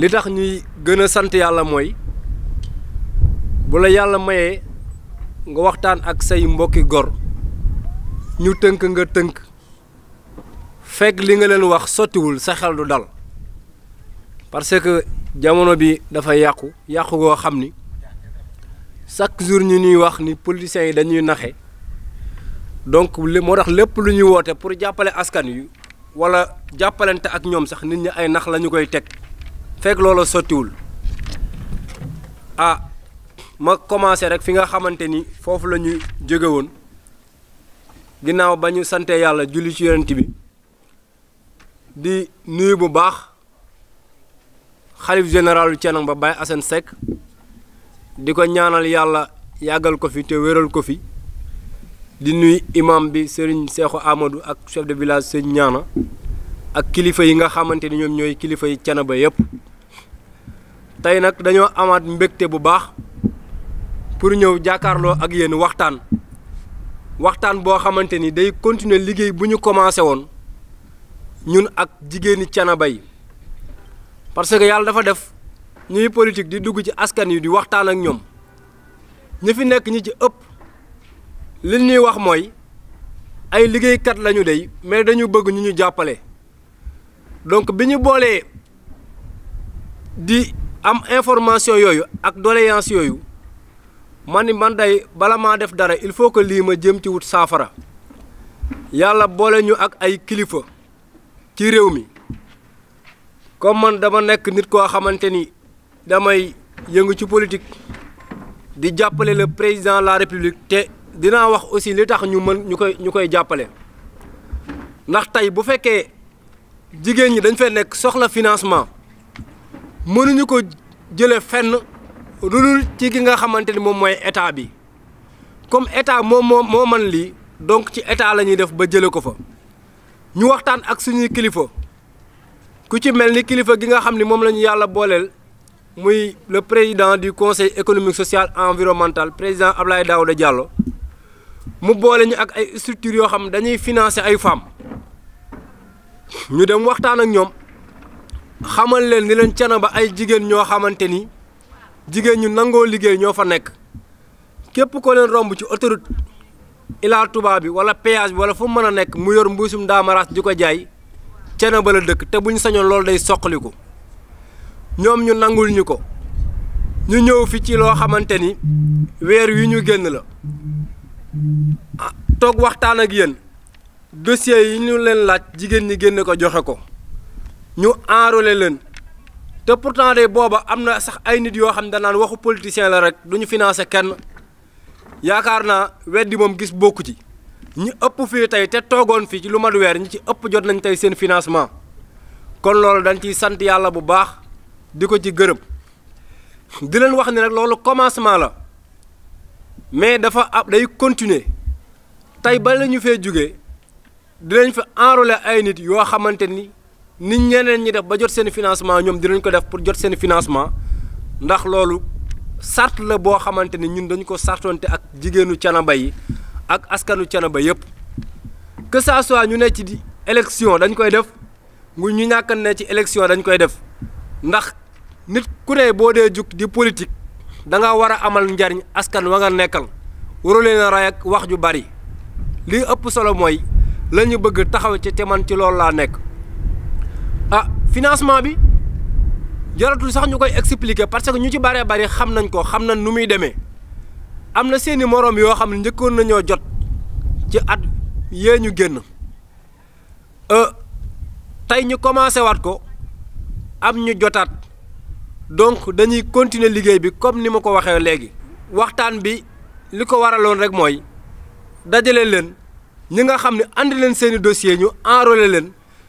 li tax ñuy gën a sant yàlla mooy bu la yàlla mayee nga waxtaan ak say mbokki gor ñu tënk nga tënk fekk li nga leen wax sottiwul sa xel du dal parce que jamono bi dafa yàqu yàqu goo xam ni chaque jour ñu ñuy wax ni politiciens yi dañuy naxe donc moo tax lépp lu ñuy woote pour jàppale askan yu wala jàppalante ak ñoom sax nit ñi ay nax lañu koy teg fekk loola sottiwul ah ma commencé rek fi nga xamante ni foofu la ñu jóge woon ginnaaw ba ñu sante yàlla julli ci yonent bi di nuyu bu baax xalif généralu Thiénaba ba Baye Assane Seck di ko ñaanal yàlla yàggal ko fi te wéral ko fi di nuyu imam bi sëriñ Seexu amadu ak chef de village sëriñ ñaana ak kilifa yi nga xamante ni ñoom ñooy kilifa yi Thiénaba yépp tey nag dañoo amaat mbégte bu baax pour ñëw jàkkaarloo ak yéen waxtaan waxtaan boo xamante ni day continuer liggéey bu ñu commencé woon ñun ak jigéeni Thiénaba bay parce que yàlla dafa def ñuy politique di dugg ci askan yi di waxtaan ak ñoom ñi fi nekk ñi ci ëpp li ñuy wax mooy ay liggéeykat lañu dey mais dañu bëgg ñu ñu jàppale donc bi ñu boolee di. am information yooyu ak doléance yooyu man ni man day bala maa def il faut que lii ma jëm ci wut saafara yàlla boole ñu ak ay kilifa ci réew comme man dama nekk nit koo xamante damay yëngu ci politique di jàppale le président de la république te dinaa wax aussi li tax ñu mën ñu koy ñu koy bu fekkee jigéen ñi dañ nekk soxla financement mënuñu ko jële fenn lu dul ci ki nga xamante ni moom mooy état bi comme état moom moo moo man lii donc ci état la ñuy def ba jële ko fa ñu waxtaan ak suñuy kilifa ku ci mel ni kilifa gi nga xam ni moom la ñu yàlla booleel muy le président du conseil économique social environnemental président Ablaye Daouda Diallo mu boole ñu ak ay structures yoo xam dañuy financer ay femmes ñu dem waxtaan ak ñoom. xamal leen ni leen ba ay jigéen ñoo xamante ni jigéen ñu nangoo liggéey ñoo fa nekk képp ko leen romb ci autoroute Ila tubaab bi wala péage bi wala fu mën a nekk mu yor mbuusum daamaraas di ko jaay Thiénaba la dëkk te buñ sañoon loolu day soqaliku ñoom ñu nangul ñu ko ñu ñëw fi ci loo xamante ni weer yu ñu génn la ah, toog waxtaan ak yéen dossier yi ñu leen laaj jigéen ñi génn ko joxe ko ñu enrôler leen te pourtant de booba am na sax ay nit yoo xam ne danaan waxu politicien la rek duñu ñu kenn yaakaar naa weddi moom gis bokku ci ñu ëpp fii tey te toogoon fii ci lu mat weer ñi ci ëpp jot nañ tey seen financement kon loolu dañ ciy sant yàlla bu baax di ko ci gërëm di wax ni rek loolu commencement la mais dafa ab day continuer tey ba lañu fee jógee dinañ fa enrôler ay nit yoo xamante ni. nit ñeneen ñi def ba jot seen financement ñoom dinañ ko def pour jot seen financement ndax loolu sart la boo xamante ni ñun dañ ko sartonte ak jigéenu canaba yi ak askanu canaba yépp que ça soit ñu ne ci di élection dañ koy def ngu ñu ñàkkan ne ci élection dañ koy def ndax nit ku ne boo dee jug di politique da nga war amal njariñ askan wa nga nekkal waru leen a ak wax ju bari li ëpp solo mooy la bëgg taxaw ci ci loolu laa nekk ah financement bi yaratul sax ñukoy expliquer parce que ñu ci bare bari xam nañ ko xam nañ nu muy démé amna na seeni moroom yoo xam ne njëkkoon nañoo jot ci at ye ñu euh tay ñu commencé wat ko am ñu jotat donc dañuy continuer liguey bi comme ni mako ko légui waxtaan bi liko waralon rek moy dajale len ñi nga xamni andi len seeni dossier ñu enrôler len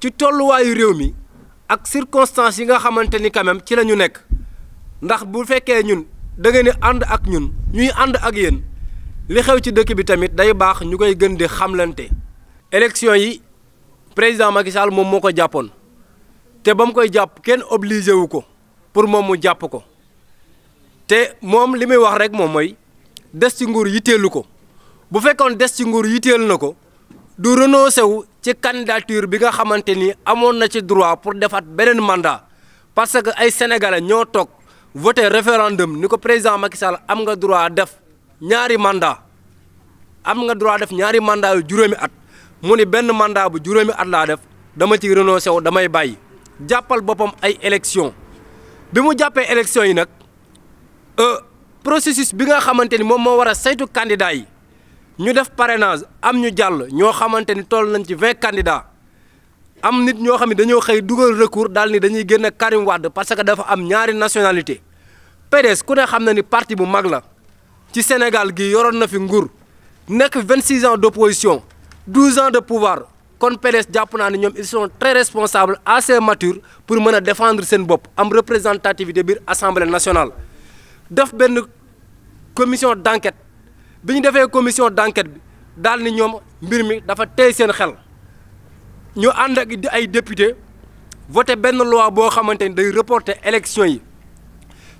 ci tolluwaayu réew mi ak circonstances yi nga xamante ni quand même ci la ñu nekk ndax bu fekkee ñun da ngeen di ànd ak ñun ñuy ànd ak yéen li xew ci dëkk bi tamit day baax ñu koy gën di xamlante. élection yi président Macky moom moo ko jàppoon te ba mu koy jàpp kenn obligé wu ko pour moom mu jàpp ko te moom li muy wax rek moom mooy des ci nguur yitteelu ko bu fekkoon des ci nguur yitteel na ko. du renoncé wu ci candidature bi nga xamante ni amoon na ci droit pour defaat beneen mandat parce que ay sénégalais ñoo toog voté référendum ni ko président Macky Sall am nga droit def ñaari mandat am nga droit def ñaari mandat juróomi at mu ni benn mandat bu juróomi at laa def dama ci renoncé wu damay bàyyi jàppal boppam ay élection bi mu jàppee élection yi nag euh, processus bi nga xamante ni moom moo war a saytu candidat yi ñu def parrainage am ñu jall ñoo candidats nous nit ñoo recours dal ni dañuy Karim parce que dafa nationalité PDS ku ne parti bu Sénégal gi yoroon na fi ans d'opposition 12 ans de pouvoir kon PDS japp sont très responsables assez matures pour défendre sen bop am représentativité biir assemblée nationale une commission d'enquête bi ñu defee commission d'enquête bi daal ni ñoom mbir mi dafa tey seen xel ñu ànd ak ay député voté benn loi boo xamante ni day reporter élection yi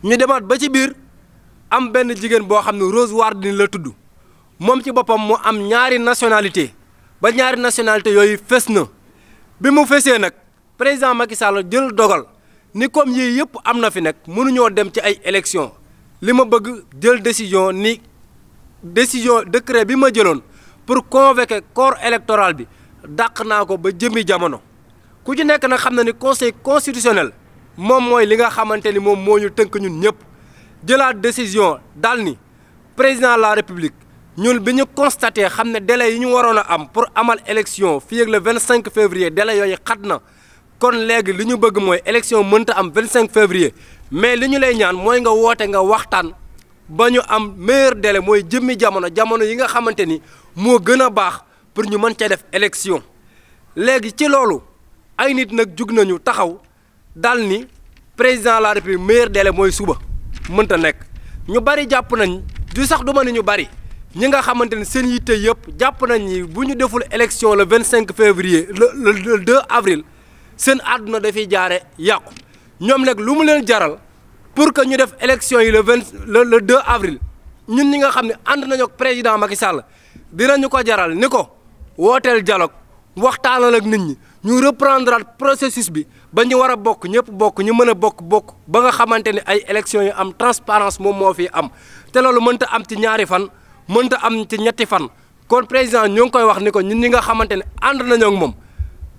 ñu demaat ba ci biir am benn jigéen boo xam ne Rose Wardini la tudd moom ci boppam mu am ñaari nationalité ba ñaari nationalité yooyu fës na bi mu fësee nag président Macky jël dogal ni comme yii yëpp am na fi nekk mënuñoo dem ci ay élection li ma bëgg jël décision ni décision décret bi ma jëloon pour convoquer corps électoral bi dàq naa ko ba jëmmi jamono ku ci nekk nag xam na ni conseil constitutionnel moom mooy li nga xamante ni moom moo ñu tënk ñun ñëpp jëlaat décision daal ni président la république ñun bi ñu constaté xam ne délai yi ñu waroon a am pour amal élection fi ak le 25 février délai yooyu xat na kon léegi li ñu bëgg mooy élection mënta am 25 février mais li ñu lay ñaan mooy nga woote nga waxtaan. ba ñu am meilleur délai mooy jëmmi jamono jamono yi nga xamante ni moo gën a baax pour ñu mën cee def élection léegi ci loolu ay nit nag jug nañu taxaw dal ni président la république meilleur délai mooy suba mënta nekk ñu bari jàpp nañ du sax du ma ni ñu bari ñi nga xamante ni seen yitte yëpp jàpp nañ ni bu ñu deful élection vingt cinq février le le 2 avril seen àdduna dafiy jaare yàqu ñoom nag lu mu leen jaral. pour que ñu def élection yi le vingt le 2 avril ñun ñi nga xam ne ànd nañu ak président Macky Sall ñu ko jaral ni ko wooteel dialogue waxtaanal ak nit ñi ñu reprendre processus bi ba ñu war a bokk ñëpp bokk ñu mën a bokk bokk ba nga xamante ne ay élection yu am transparence moom moo fi am te loolu mënta am ci ñaari fan mënta am ci ñetti fan kon président ñoo ngi koy wax ni ko ñun ñi nga xamante ne ànd nañu moom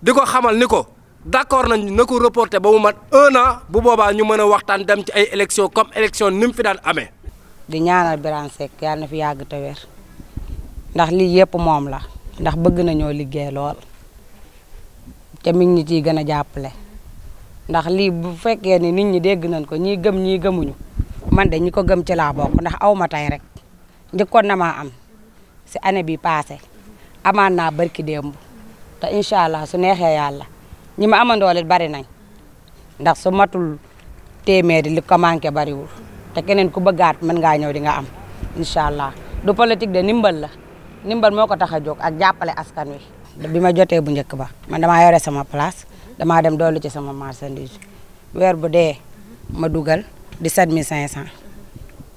di ko xamal ni ko. d'accord nañ na ko reporté ba mu mat un bu boobaa ñu mën a waxtaan dem ci ay élection comme élection ni mu fi daan amee. di ñaanal Birane sek yàlla na fi yàgg te wer ndax lii yëpp moom la ndax bëgg nañoo liggéey lool te mi ngi ñu ciy gën a jàppale ndax lii bu fekkee ni nit ñi dégg nañ ko ñii gëm ñii gëmuñu man de ñi ko gëm ci laa bokk ndax aw ma tey rek njëkkoon na maa am si année bi passé amaan naa barki démb te incha allah su neexee yàlla. ñi ma amandoolit bari nañ ndax su matul téeméeri li ko manqué bariwul te keneen ku bëggaat mën ngaa ñëw di nga am incha allah du politique de ndimbal la ndimbal moo ko tax a jóg ak jàppale askan wi. bi ma jotee bu njëkk ba man damaa yore sama place damaa dem dolli ci sama marchandise weer bu dee ma dugal dix-sept mille cinq cent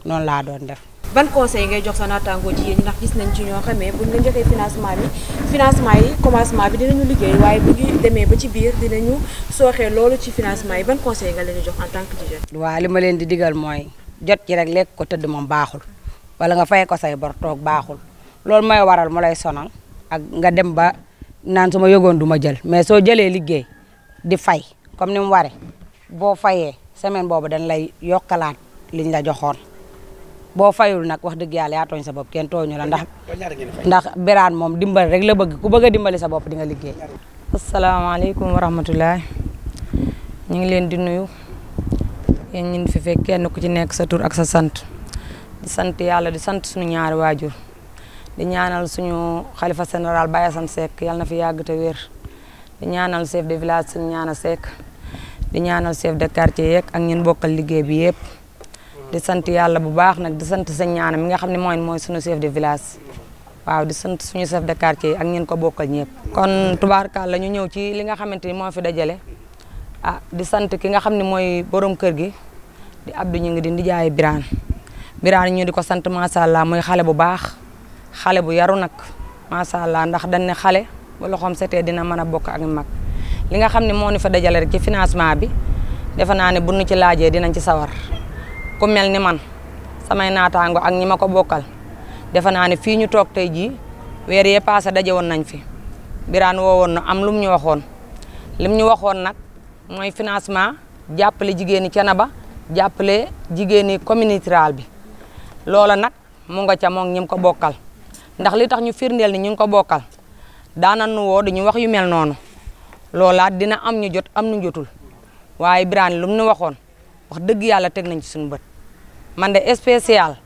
noonu laa doon def. ban conseil ngay jox sa naataangoo jigéen ñi ndax gis nañ ci ñoo xamee buñ la njëkkee financement bi financement yi commencement bi dinañu liggéey waaye bu ñu demee ba ci biir dina dinañu sooxee loolu ci financement yi ban conseil nga leen di jox en tant que jigéen. waaw li ma leen di digal mooy jot ci rek lekk ko tëdd moom baaxul wala nga fay ko say bor toog baaxul loolu mooy waral mu lay sonal ak nga dem ba naan su ma yogoon du ma jël mais soo jëlee liggéey di fay comme ni mu waree boo fayee semaine boobu dañ lay yokkalaat liñ la joxoon. boo fayul nag wax dëgg yàlla yaa tooñ sa bopp kenn tooñu la ndax ndax beraan moom dimbal rek la bëgg ku bëgg a dimbali sa bopp di nga liggéey asalaamaaleykum wa rahmatulah ñu ngi leen di nuyu yéen ñun fi fekk kenn ku ci nekk sa tuur ak sa sant di sant yàlla di sant suñu ñaari waajur di ñaanal suñu xalifa général Baye Assane Seck yàlla na fi yàgg te wér di ñaanal chef de village suñu ñaana sek di ñaanal chef de quartier yeeg ak ñun bokkal liggéey bi yëpp di sant yàlla bu baax nag di sant sëñ ñaana mi nga xam ne mooy suñu chef de village waaw di sant suñu chef de quartier ak ko bokkal kon tubaarkàlla ñu ñëw ci li nga xamante ni fi dajale ah di sant ki nga xam ne mooy borom kër gi di Abdou ñu ngi di ndijaay biran, biran ñu di ko sant macha allah muy xale bu baax xale bu yaru nag macha allah ndax dañ ne xale bu loxoom setee dina mën a bokk ak mag li nga xam ne moo ñu fa dajale rek ci financement bi defe ne ci dinañ ci sawar. ku mel ni man samay naataango ak ñi ma ko bokkal defe naa ne fii ñu toog tey jii weer yee paase daje woon nañ fi biraan woowoon na am lum ñu waxoon lim ñu waxoon nag mooy financement jàppale jigéeni Thiénaba jàppale jigéeni communauté rurale bi loola nag mu nga ca moom ñi ko bokkal ndax li tax ñu firndeel ni ñu ngi ko bokkal daana nu woo dañu wax yu mel noonu loolaat dina am ñu jot am nu jotul waaye biraan lum ñu waxoon wax dëgg yàlla teg nañ ci suñu bët man de spécial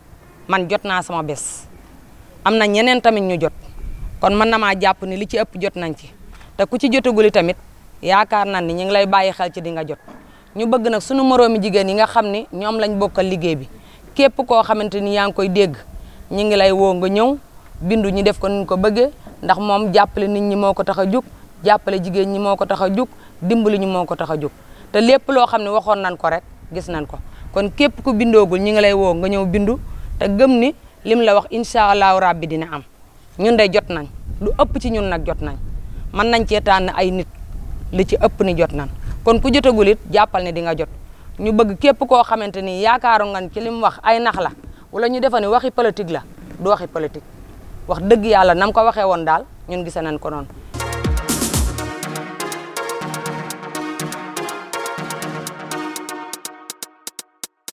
man jot naa sama bés am na ñeneen tamit ñu jot kon mën na maa jàpp ni li ci ëpp jot nañ ci te ku ci jotaguli tamit yaakaar naa ni ñu ngi lay bàyyi xel ci di nga jot ñu bëgg nag sunu moroomi jigéen ñi nga xam ni ñoom lañ bokkal liggéey bi képp koo xamante ni yaa ngi koy dégg ñu ngi lay woo nga ñëw bindu ñu def ko ni ko bëggee ndax moom jàppale nit ñi moo ko tax a jug jàppale jigéen ñi moo ko tax a jug dimbali ñu moo ko tax a jug te lépp loo xam ne waxoon nañ ko rek gis nañ ko kon képp ku bindoogul ñi ngi lay woo nga ñëw bindu te gëm ni lim la wax incha allahu rabbi dina am ñun day jot nañ lu ëpp ci ñun nag jot nañ mën nañ cee tànn ay nit li ci ëpp ni jot nañ kon ku jotagul it jàppal ne di nga jot ñu bëgg képp koo xamante ni yaakaaru nga ci li mu wax ay nax la wala ñu defa ne i politique la du waxi politique wax dëgg yàlla nam ko waxee woon daal ñun gisa nañ ko noonu